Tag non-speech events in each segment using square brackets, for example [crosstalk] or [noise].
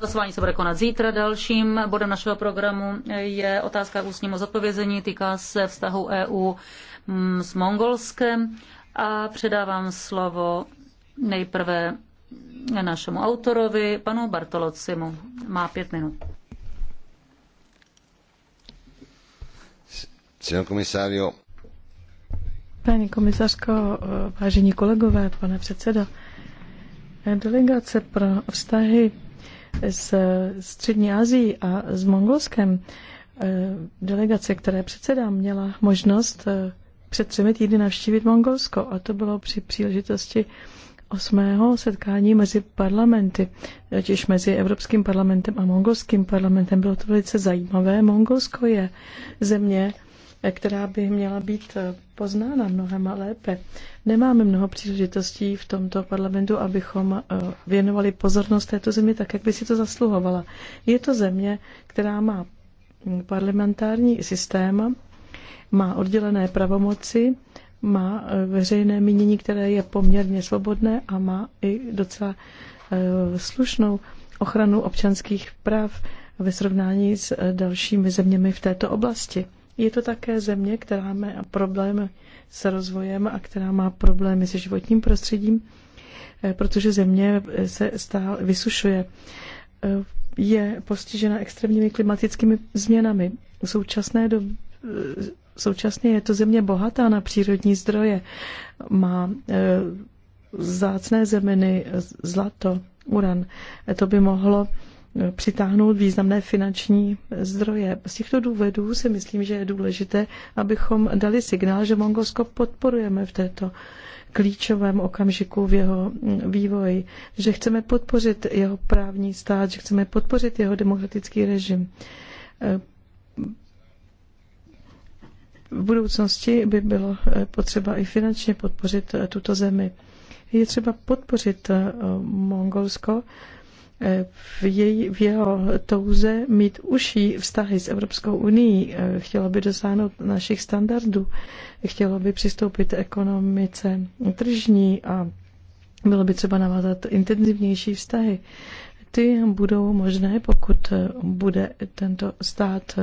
Hlasování se bude konat zítra. Dalším bodem našeho programu je otázka ústního zodpovězení. Týká se vztahu EU mm, s Mongolskem. A předávám slovo nejprve našemu autorovi, panu Bartolocimu. Má pět minut. Paní komisařko, vážení kolegové, pane předsedo, Delegace pro vztahy s Střední Asií a s Mongolskem, eh, delegace, které předsedám, měla možnost eh, před třemi týdny navštívit Mongolsko a to bylo při příležitosti osmého setkání mezi parlamenty, totiž mezi Evropským parlamentem a Mongolským parlamentem. Bylo to velice zajímavé. Mongolsko je země, která by měla být eh, poznána mnohem lépe. Nemáme mnoho příležitostí v tomto parlamentu, abychom eh, věnovali pozornost této zemi tak, jak by si to zasluhovala. Je to země, která má parlamentární systém, má oddělené pravomoci, má eh, veřejné mínění, které je poměrně svobodné a má i docela slušnou ochranu občanských práv ve srovnání s dalšími zeměmi v této oblasti. Je to také země, která má problémy s rozvojem a která má problémy se životním prostředím, eh, protože země eh, se stále vysušuje. Eh, je postižena extrémními klimatickými změnami. V současné do, současně je to země bohatá na přírodní zdroje. Má zácné zeminy, zlato, uran. To by mohlo přitáhnout významné finanční zdroje. Z těchto důvodů si myslím, že je důležité, abychom dali signál, že Mongolsko podporujeme v této klíčovém okamžiku v jeho vývoji, že chceme podpořit jeho právní stát, že chceme podpořit jeho demokratický režim. V budoucnosti by bylo potřeba i finančně podpořit tuto zemi. Je třeba podpořit Mongolsko, Eh, v, její, v jeho touze mít užší vztahy s Evropskou unii, eh, chtělo by dosáhnout našich standardů, chtělo by přistoupit ekonomice tržní a bylo by třeba navázat intenzivnější vztahy. Ty budou možné, pokud eh, bude tento stát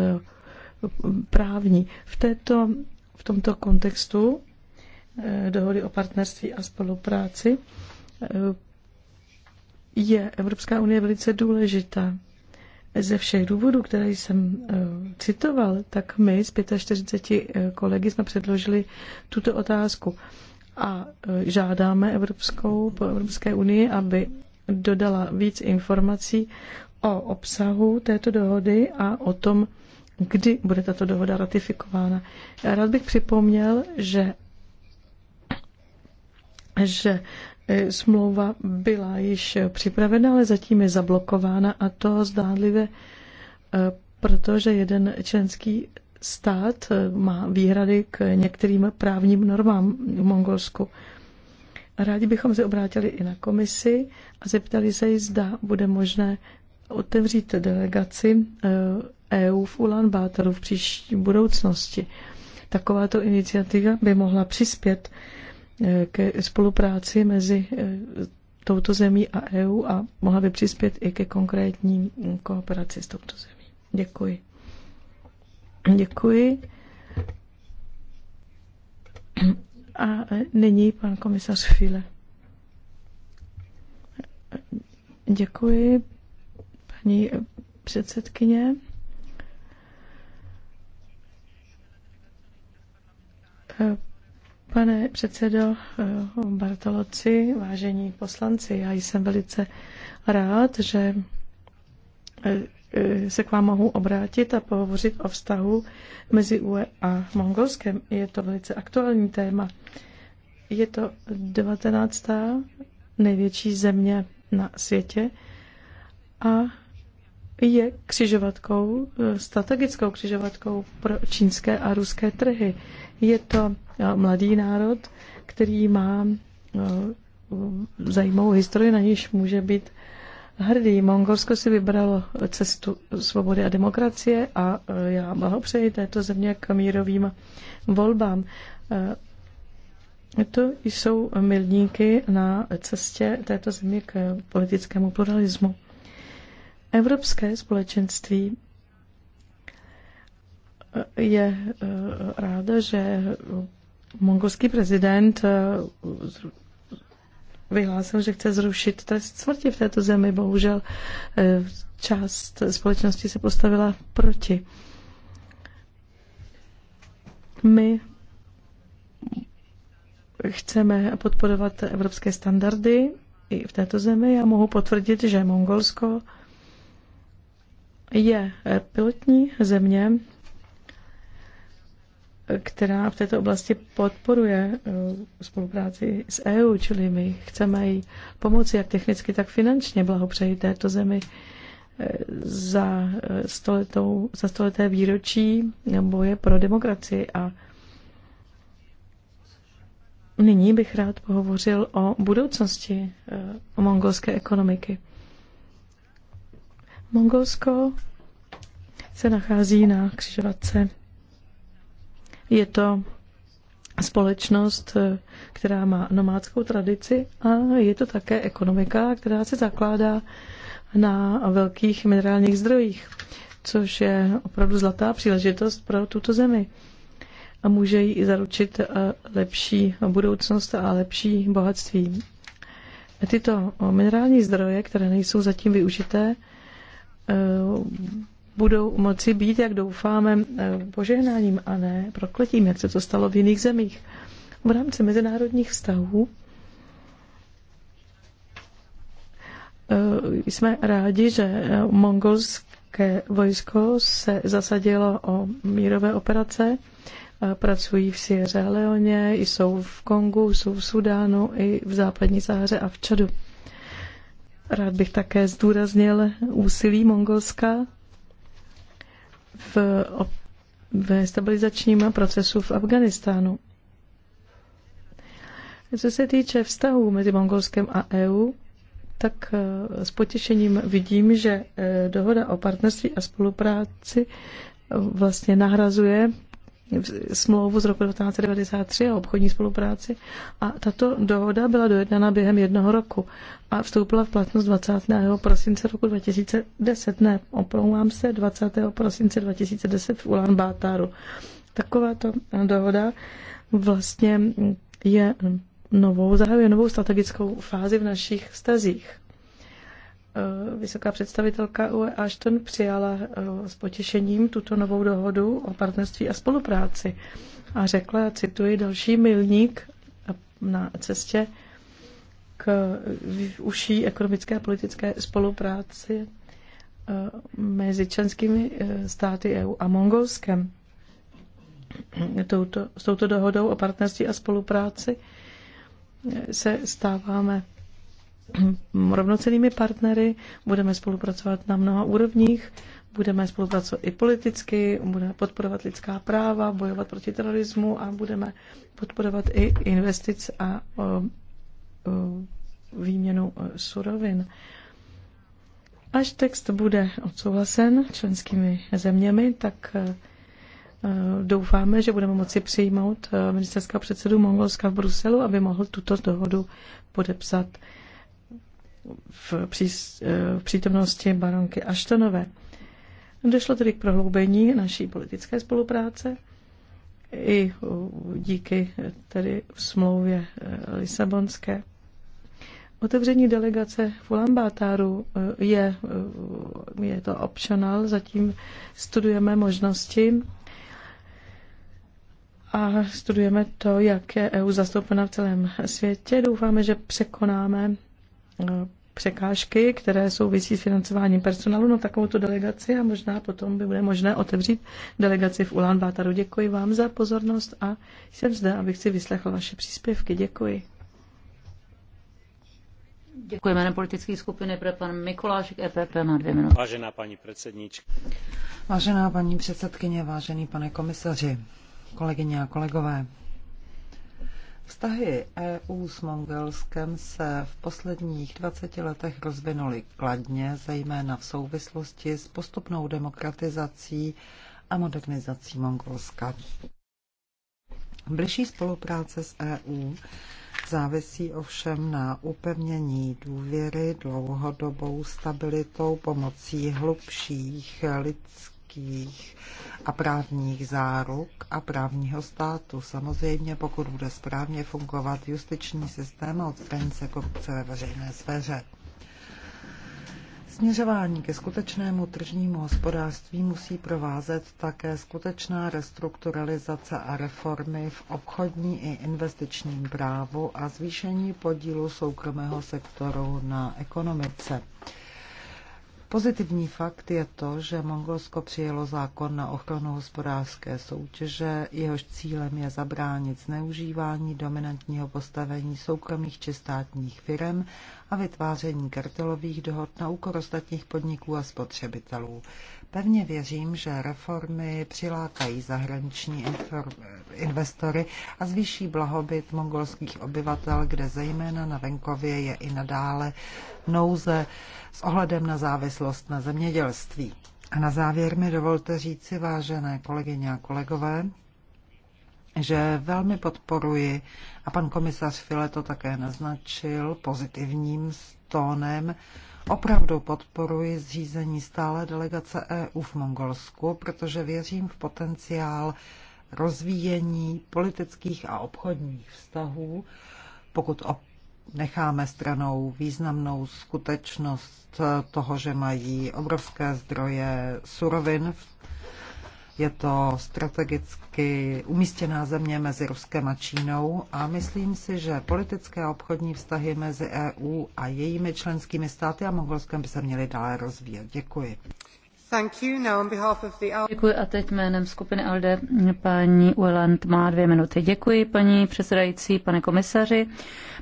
právní. V, této, v tomto kontextu dohody o partnerství a spolupráci je Evropská unie velice důležitá. Ze všech důvodů, které jsem eh, citoval, tak my z 45 eh, kolegy jsme předložili tuto otázku a eh, žádáme Evropskou, po Evropské unii, aby dodala víc informací o obsahu této dohody a o tom, kdy bude tato dohoda ratifikována. Rád bych připomněl, že že E, smlouva byla již připravena, ale zatím je zablokována a to zdánlivě, e, protože jeden členský stát e, má výhrady k některým právním normám v Mongolsku. Rádi bychom se obrátili i na komisi a zeptali se zda bude možné otevřít delegaci EU v Ulan Bátoru v příští budoucnosti. Takováto iniciativa by mohla přispět Eh, ke spolupráci mezi eh, touto zemí a EU a mohla by přispět i ke konkrétní kooperaci s touto zemí. Děkuji. Děkuji. A eh, nyní pan komisař File. Děkuji, paní předsedkyně. Uh, Pane předsedo eh, Bartoloci, vážení poslanci, já jsem velice rád, že eh, eh, se k vám mohu obrátit a pohovořit o vztahu mezi UE a Mongolskem. Je to velice aktuální téma. Je to 19. největší země na světě a je křižovatkou, strategickou křižovatkou pro čínské a ruské trhy. Je to eh, mladý národ, který má eh, zajímavou historii, na níž může být hrdý. Mongolsko si vybralo cestu svobody a demokracie a eh, já přeji této země k mírovým volbám. To jsou milníky na cestě této země k politickému pluralismu. Evropské společenství je eh, ráda, že mongolský prezident eh, vyhlásil, že chce zrušit trest smrti v této zemi. Bohužel eh, část společnosti se postavila proti. My chceme podporovat evropské standardy i v této zemi. Já mohu potvrdit, že Mongolsko je pilotní země která v této oblasti podporuje eh, spolupráci s EU, čili my chceme jí pomoci jak technicky, tak finančně. Blahopřeji této zemi eh, za, eh, stoletou, za stoleté výročí boje pro demokracii a Nyní bych rád pohovořil o budoucnosti o mongolské ekonomiky. Mongolsko se nachází na křižovatce je to společnost, eh, která má nomádskou tradici a je to také ekonomika, která se zakládá na velkých minerálních zdrojích, což je opravdu zlatá příležitost pro tuto zemi. A může jí zaručit eh, lepší budoucnost a lepší bohatství. Tyto minerální zdroje, které nejsou zatím využité, eh, budou moci být, jak doufáme, eh, požehnáním a ne prokletím, jak se to stalo v jiných zemích. V rámci mezinárodních vztahů eh, jsme rádi, že eh, mongolské vojsko se zasadilo o mírové operace. Pracují v Sierra Leone, jsou v Kongu, jsou v Sudánu, i v západní Sahaře a v Čadu. Rád bych také zdůraznil úsilí Mongolska v, ve stabilizačním procesu v Afganistánu. Co se týče vztahů mezi Mongolskem a EU, tak eh, s potěšením vidím, že eh, dohoda o partnerství a spolupráci eh, vlastně nahrazuje smlouvu z roku 1993 o obchodní spolupráci a tato dohoda byla dojednána během jednoho roku a vstoupila v platnost 20. prosince roku 2010, ne, opomlouvám se, 20. prosince 2010 v Ulan Bátáru. Takováto dohoda vlastně je novou, zahajuje novou strategickou fázi v našich stazích. Eh, vysoká představitelka UE Ashton přijala eh, s potěšením tuto novou dohodu o partnerství a spolupráci a řekla, cituji, další milník na cestě k užší ekonomické a politické spolupráci eh, mezi členskými státy EU a Mongolskem. [clears throat] Touto, s touto dohodou o partnerství a spolupráci se stáváme [clears throat] rovnocenými partnery, budeme spolupracovat na mnoha úrovních, budeme spolupracovat i politicky, budeme podporovat lidská práva, bojovat proti terorismu a budeme podporovat i investic a o, o, výměnu surovin. Až text bude odsouhlasen členskými zeměmi, tak e, doufáme, že budeme moci přijmout e, ministerského předsedu Mongolska v Bruselu, aby mohl tuto dohodu podepsat v, pří, eh, v přítomnosti baronky Aštonové. Došlo tedy k prohloubení naší politické spolupráce i eh, díky eh, tedy smlouvě Lisabonské. Otevření delegace v Ulambátáru je, je to optional, zatím studujeme možnosti a studujeme to, jak je EU zastoupena v celém světě. Doufáme, že překonáme Eh, překážky, které souvisí s financováním personálu na tu delegaci a možná potom by bude možné otevřít delegaci v Ulan Bátaru. Děkuji vám za pozornost a jsem zde, abych si vyslechl vaše příspěvky. Děkuji. Děkuji jménem politické skupiny pro pan Mikulášek EPP na dvě minuty. Vážená paní předsednička. Vážená paní předsedkyně, vážený pane komisaři, kolegyně a kolegové. Vztahy EU s Mongolskem se v posledních 20 letech rozvinuly kladně, zejména v souvislosti s postupnou demokratizací a modernizací Mongolska. Bližší spolupráce s EU závisí ovšem na upevnění důvěry dlouhodobou stabilitou pomocí hlubších lidských politických a právních záruk a právního státu. Samozřejmě, pokud bude správně fungovat justiční systém a odstraní se korupce ve veřejné sféře. Směřování ke skutečnému tržnímu hospodářství musí provázet také skutečná restrukturalizace a reformy v obchodní i investičním právu a zvýšení podílu soukromého sektoru na ekonomice. Pozitivní fakt je to, že Mongolsko přijelo zákon na ochranu hospodářské soutěže, jehož cílem je zabránit zneužívání dominantního postavení soukromých či státních firm a vytváření kartelových dohod na úkor ostatních podniků a spotřebitelů. Pevně věřím, že reformy přilákají zahraniční investory a zvýší blahobyt mongolských obyvatel, kde zejména na venkově je i nadále nouze s ohledem na závislost na zemědělství. A na závěr mi dovolte říci, vážené kolegyně a kolegové, že velmi podporuji, a pan komisař File to také naznačil pozitivním tónem, Opravdu podporuji zřízení stále delegace EU v Mongolsku, protože věřím v potenciál rozvíjení politických a obchodních vztahů, pokud necháme stranou významnou skutečnost toho, že mají obrovské zdroje surovin v je to strategicky umístěná země mezi Ruskem a Čínou a myslím si, že politické a obchodní vztahy mezi EU a jejími členskými státy a Mongolskem by se měly dále rozvíjet. Děkuji. Děkuji a teď jménem skupiny ALDE paní Ueland má dvě minuty. Děkuji paní předsedající, pane komisaři.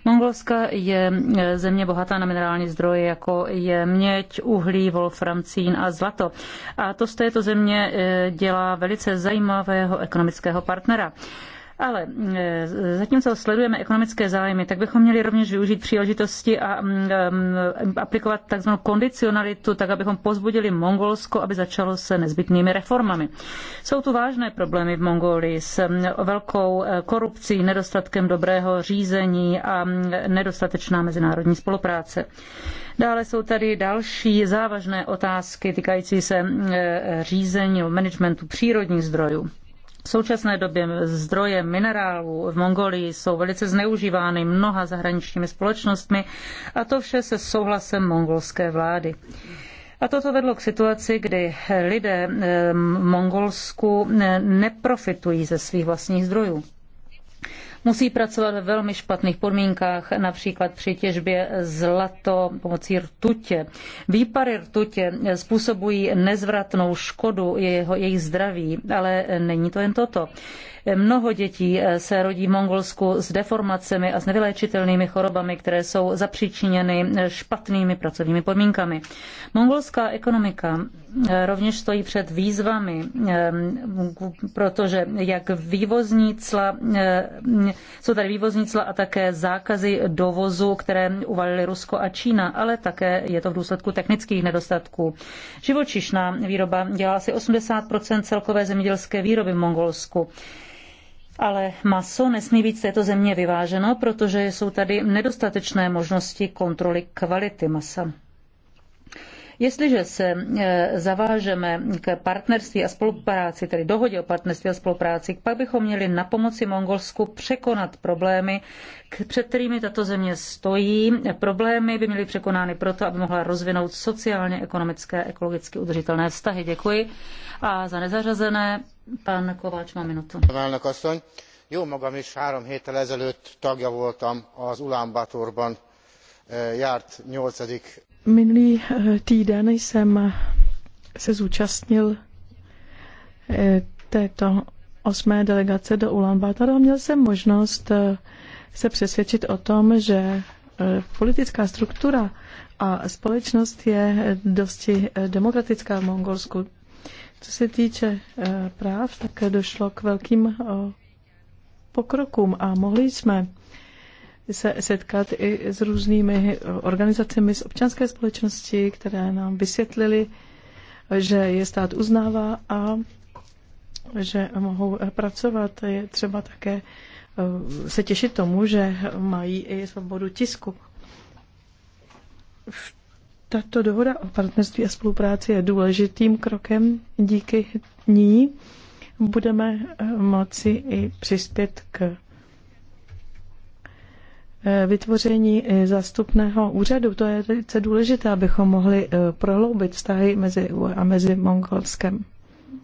Mongolska je e, země bohatá na minerální zdroje, jako je měď, uhlí, wolframcín a zlato. A to z této země e, dělá velice zajímavého ekonomického partnera. Ale e, zatímco sledujeme ekonomické zájmy, tak bychom měli rovněž využít příležitosti a mm, e, mm, aplikovat takzvanou kondicionalitu, tak abychom pozbudili Mongolsko, aby začalo se nezbytnými reformami. Jsou tu vážné problémy v Mongolii s mm, velkou e, korupcí, nedostatkem dobrého řízení a nedostatečná mezinárodní spolupráce. Dále jsou tady další závažné otázky týkající se řízení, managementu přírodních zdrojů. V současné době zdroje minerálů v Mongolii jsou velice zneužívány mnoha zahraničními společnostmi a to vše se souhlasem mongolské vlády. A toto vedlo k situaci, kdy lidé v eh, Mongolsku eh, neprofitují ze svých vlastních zdrojů musí pracovat ve velmi špatných podmínkách, například při těžbě zlato pomocí rtutě. Výpary rtutě způsobují nezvratnou škodu jeho, jejich zdraví, ale není to jen toto. Mnoho dětí se rodí v Mongolsku s deformacemi a s nevyléčitelnými chorobami, které jsou zapříčiněny špatnými pracovními podmínkami. Mongolská ekonomika eh, rovněž stojí před výzvami, eh, protože jak vývozní cla eh, jsou tady vývozní cla a také zákazy dovozu, které uvalily Rusko a Čína, ale také je to v důsledku technických nedostatků. Živočišná výroba dělá asi 80 celkové zemědělské výroby v Mongolsku. Ale maso nesmí být z této země vyváženo, protože jsou tady nedostatečné možnosti kontroly kvality masa. Jestliže se e, zavážeme k partnerství a spolupráci, tedy dohodě o partnerství a spolupráci, pak bychom měli na pomoci Mongolsku překonat problémy, před kterými tato země stojí. Problémy by měly překonány proto, aby mohla rozvinout sociálně, ekonomické, ekologicky udržitelné vztahy. Děkuji. A za nezařazené pan Kováč má minutu. Jó magam is három héttel ezelőtt tagja voltam az Ulánbátorban e, járt nyolcadik Minulý eh, týden jsem eh, se zúčastnil eh, této osmé delegace do Ulaanbaatar a měl jsem možnost se přesvědčit o tom, že politická struktura a společnost je dosti demokratická v Mongolsku. Co se týče práv, tak došlo k velkým pokrokům a mohli jsme se setkat i s různými organizacemi z občanské společnosti, které nám vysvětlili, že je stát uznává a že mohou pracovat. Je třeba také eh, se těšit tomu, že mají i svobodu tisku. Tato dohoda o partnerství a spolupráci je důležitým krokem. Díky ní budeme eh, moci i přispět k Eh, vytvoření eh, zastupného úřadu, to je velice důležité, abychom mohli eh, prohloubit vztahy mezi EU a mezi Mongolskem.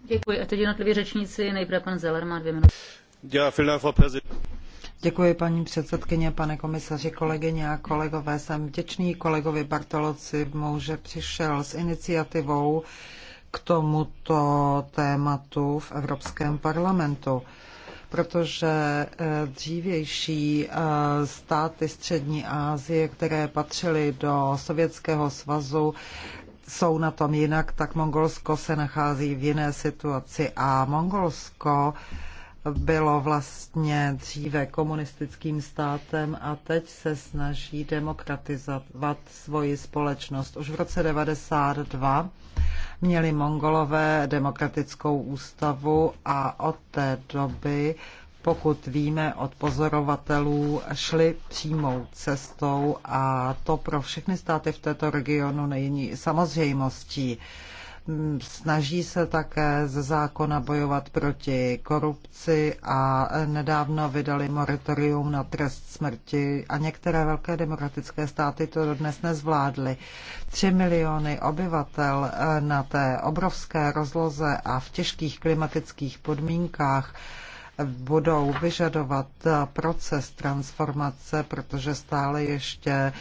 Děkuji. A teď jednotliví řečníci, nejprve pan Zeller má dvě minuty. Ja, vielen Děkuji paní předsedkyně, pane komisaři, kolegyně a kolegové. Jsem vděčný kolegovi Bartoloci že přišel s iniciativou k tomuto tématu v Evropském parlamentu protože eh, dřívější eh, státy Střední Asie, které patřily do Sovětského svazu, jsou na tom jinak, tak Mongolsko se nachází v jiné situaci a Mongolsko bylo vlastně dříve komunistickým státem a teď se snaží demokratizovat svoji společnost. Už v roce 92 Měli mongolové demokratickou ústavu a od té doby, pokud víme, od pozorovatelů šli přímou cestou a to pro všechny státy v této regionu není samozřejmostí. Snaží se také ze zákona bojovat proti korupci a nedávno vydali moratorium na trest smrti a některé velké demokratické státy to dodnes nezvládly. Tři miliony obyvatel eh, na té obrovské rozloze a v těžkých klimatických podmínkách budou vyžadovat eh, proces transformace, protože stále ještě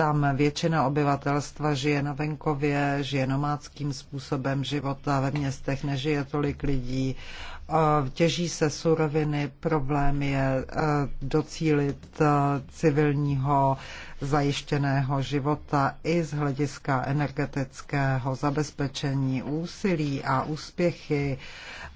tam většina obyvatelstva žije na venkově, žije nomádským způsobem života, ve městech nežije tolik lidí těží se suroviny, problém je eh, docílit eh, civilního zajištěného života i z hlediska energetického zabezpečení úsilí a úspěchy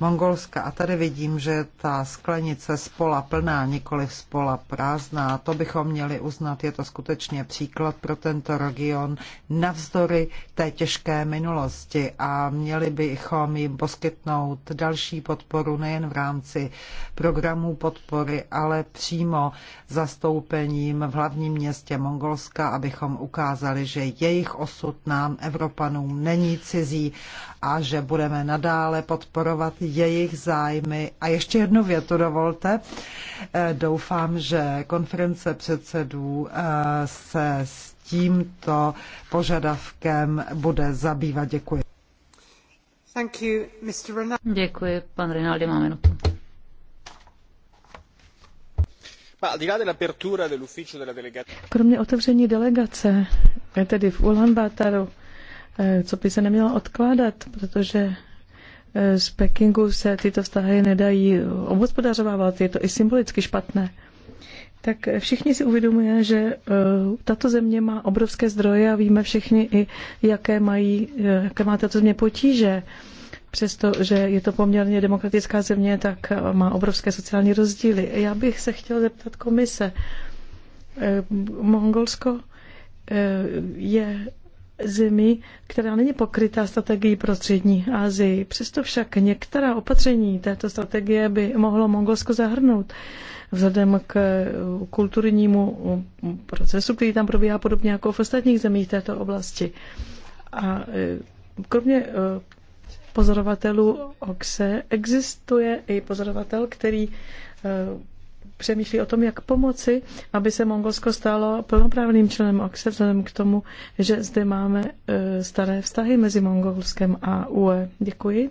Mongolska. A tady vidím, že ta sklenice spola plná, nikoli spola prázdná. To bychom měli uznat, je to skutečně příklad pro tento region navzdory té těžké minulosti a měli bychom jim poskytnout další podporu podporu nejen v rámci programů podpory, ale přímo zastoupením v hlavním městě Mongolska, abychom ukázali, že jejich osud nám, Evropanům, není cizí a že budeme nadále podporovat jejich zájmy. A ještě jednu větu dovolte. Eh, doufám, že konference předsedů eh, se s tímto požadavkem bude zabývat. Děkuji. Rinaldi. Kromě otevření delegace, tedy v Ulaanbaataru, eh, co by se nemělo odkládat, protože eh, z Pekingu se tyto vztahy nedají obhospodařovávat, je to i symbolicky špatné tak všichni si uvědomujeme, že eh, tato země má obrovské zdroje a víme všichni i, jaké, mají, eh, jaké má tato země potíže. Přesto, že je to poměrně demokratická země, tak eh, má obrovské sociální rozdíly. Já bych se chtěl zeptat komise. Mongolsko je zemí, která není pokrytá strategií pro střední Asii. Přesto však některá opatření této strategie by mohlo Mongolsko zahrnout vzhledem k eh, kulturnímu mm, procesu, který tam probíhá podobně jako v ostatních zemích této oblasti. A eh, kromě eh, pozorovatelů OXE existuje i pozorovatel, který přemýšlí o tom, jak pomoci, aby se Mongolsko stalo plnoprávným členem OXE, vzhledem k tomu, že zde máme e, staré vztahy mezi Mongolskem a UE. Děkuji.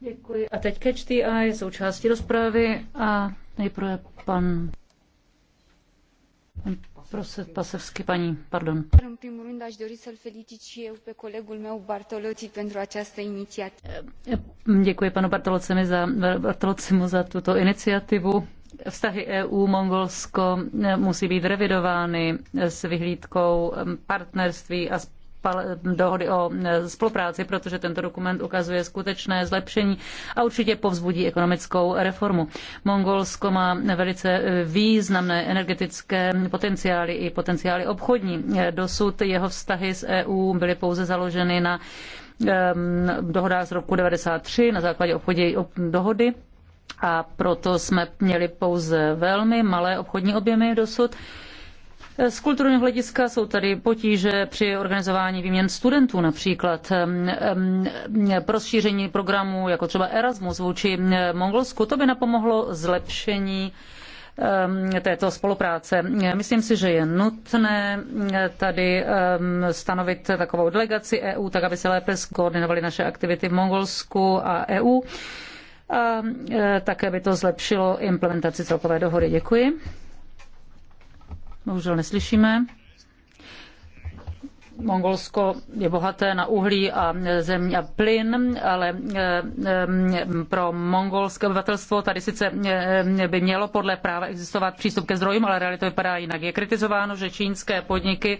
Děkuji. A teď catch je eye, součástí rozpravy a nejprve pan Pasevsky, paní, pardon. În primul rând, aș dori să-l felicit și eu pe colegul meu Bartolotti pentru această inițiativă. Eh, děkuji panu Bartolocimu za, Bartolocimu za tuto iniciativu. Vztahy EU-Mongolsko eh, musí být revidovány s vyhlídkou eh, partnerství a dohody o e, spolupráci, protože tento dokument ukazuje skutečné zlepšení a určitě povzbudí ekonomickou reformu. Mongolsko má velice e, významné energetické potenciály i potenciály obchodní. E, dosud jeho vztahy s EU byly pouze založeny na dohodách z roku 93 na základě obchodní dohody a proto jsme měli pouze velmi malé obchodní objemy dosud. Z kulturního hlediska jsou tady potíže při organizování výměn studentů například. Rozšíření programů jako třeba Erasmus vůči Mongolsku, to by napomohlo zlepšení této spolupráce. Myslím si, že je nutné tady stanovit takovou delegaci EU, tak aby se lépe skoordinovaly naše aktivity v Mongolsku a EU. A e, také by to zlepšilo implementaci celkové dohody. Děkuji. Bohužel neslyšíme. Mongolsko je bohaté na uhlí a zemní a plyn, ale eh, eh, pro mongolské obyvatelstvo tady sice eh, by mělo podle práva existovat přístup ke zdrojům, ale realita vypadá jinak. Je kritizováno, že čínské podniky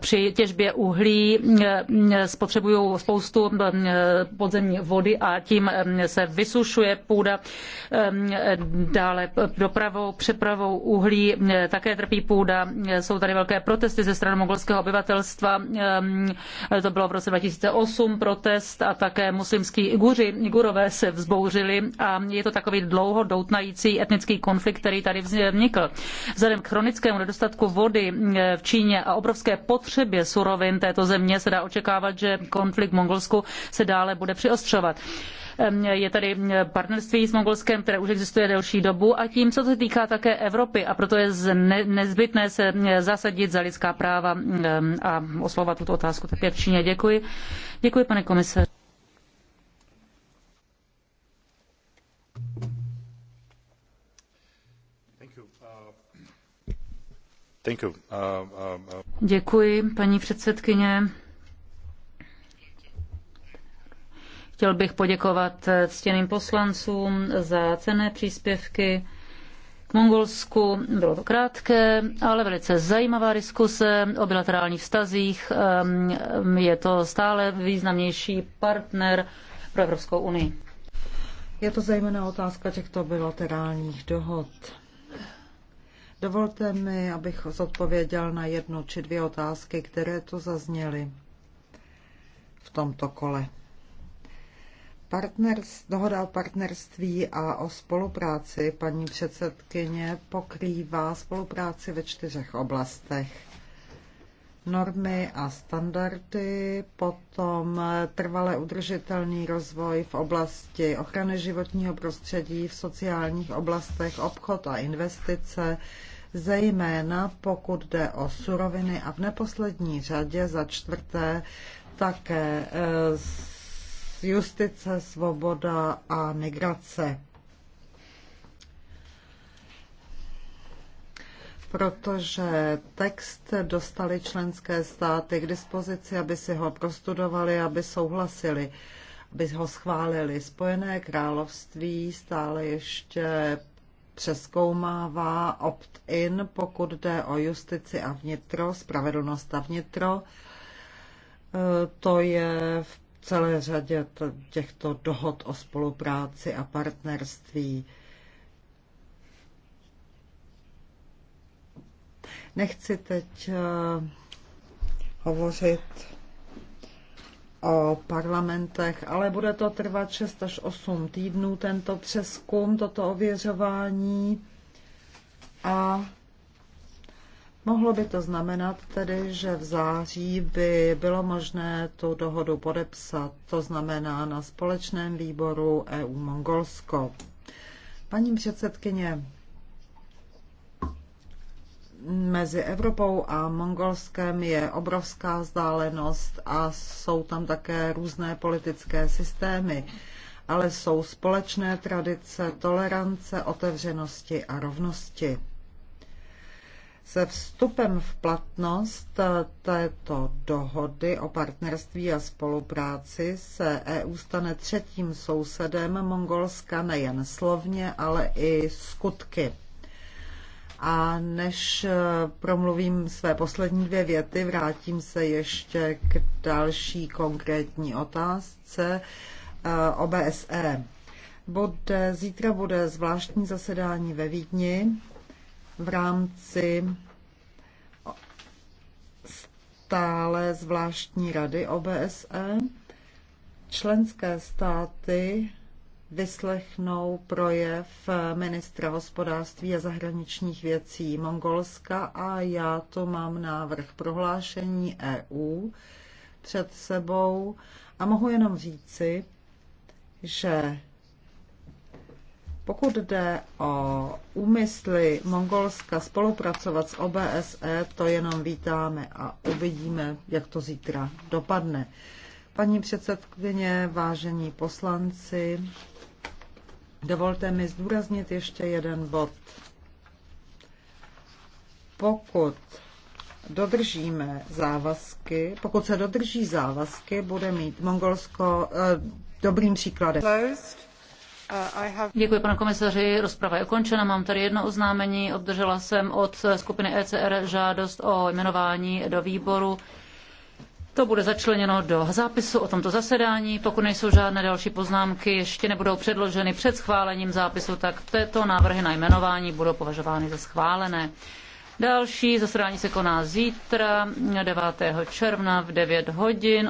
při těžbě uhlí spotřebují spoustu podzemní vody a tím se vysušuje půda. Dále dopravou, přepravou uhlí také trpí půda. Jsou tady velké protesty ze strany mongolského obyvatelstva obyvatelstva. Ehm, to bylo v roce 2008 protest a také muslimský Iguři, Igurové se vzbouřili a je to takový dlouho doutnající etnický konflikt, který tady vznikl. Vzhledem k chronickému nedostatku vody ehm, v Číně a obrovské potřebě surovin této země se dá očekávat, že konflikt v Mongolsku se dále bude přiostřovat. Ehm, je tady ehm, partnerství s Mongolskem, které už existuje delší dobu a tím, co se týká také Evropy a proto je nezbytné se ehm, zasadit za lidská práva a oslovat tuto otázku také v Číně. Děkuji. Děkuji, pane komisaři. Uh, uh, uh, Děkuji, paní předsedkyně. Chtěl bych poděkovat ctěným poslancům za cenné příspěvky k Mongolsku. Bylo to krátké, ale velice zajímavá diskuse o bilaterálních vztazích. Ehm, je to stále významnější partner pro Evropskou unii. Je to zejména otázka těchto bilaterálních dohod. Dovolte mi, abych zodpověděl na jednu či dvě otázky, které tu zazněly v tomto kole. Partners, dohoda o partnerství a o spolupráci paní předsedkyně pokrývá spolupráci ve čtyřech oblastech. Normy a standardy, potom trvale udržitelný rozvoj v oblasti ochrany životního prostředí, v sociálních oblastech, obchod a investice, zejména pokud jde o suroviny a v neposlední řadě za čtvrté také eh, justice, svoboda a migrace. protože text dostali členské státy k dispozici, aby si ho prostudovali, aby souhlasili, aby ho schválili. Spojené království stále ještě přeskoumává opt-in, pokud jde o justici a vnitro, spravedlnost a vnitro. E, to je v celé řadě těchto dohod o spolupráci a partnerství. Nechci teď eh, hovořit o parlamentech, ale bude to trvat 6 až 8 týdnů, tento přeskum, toto ověřování. A Mohlo by to znamenat tedy, že v září by bylo možné tu dohodu podepsat, to znamená na společném výboru EU-Mongolsko. Paní předsedkyně, mezi Evropou a Mongolskem je obrovská vzdálenost a jsou tam také různé politické systémy, ale jsou společné tradice tolerance, otevřenosti a rovnosti. Se vstupem v platnost eh, této dohody o partnerství a spolupráci se EU stane třetím sousedem Mongolska nejen slovně, ale i skutky. A než eh, promluvím své poslední dvě věty, vrátím se ještě k další konkrétní otázce eh, OBSE. Bude, zítra bude zvláštní zasedání ve Vídni v rámci stále zvláštní rady OBSE. Členské státy vyslechnou projev ministra hospodářství a zahraničních věcí Mongolska a já to mám návrh prohlášení EU před sebou a mohu jenom říci, že pokud jde o úmysly Mongolska spolupracovat s OBSE, to jenom vítáme a uvidíme, jak to zítra dopadne. Paní předsedkyně, vážení poslanci, dovolte mi zdůraznit ještě jeden bod. Pokud dodržíme závazky, pokud se dodrží závazky, bude mít Mongolsko eh, dobrým příkladem. Closed. Uh, Děkuji, pane komisaři. Rozprava je ukončena. Mám tady jedno oznámení. Obdržela jsem od skupiny ECR žádost o jmenování do výboru. To bude začleněno do zápisu o tomto zasedání. Pokud nejsou žádné další poznámky, ještě nebudou předloženy před schválením zápisu, tak tyto návrhy na jmenování budou považovány za schválené. Další zasedání se koná zítra 9. června v 9 hodin.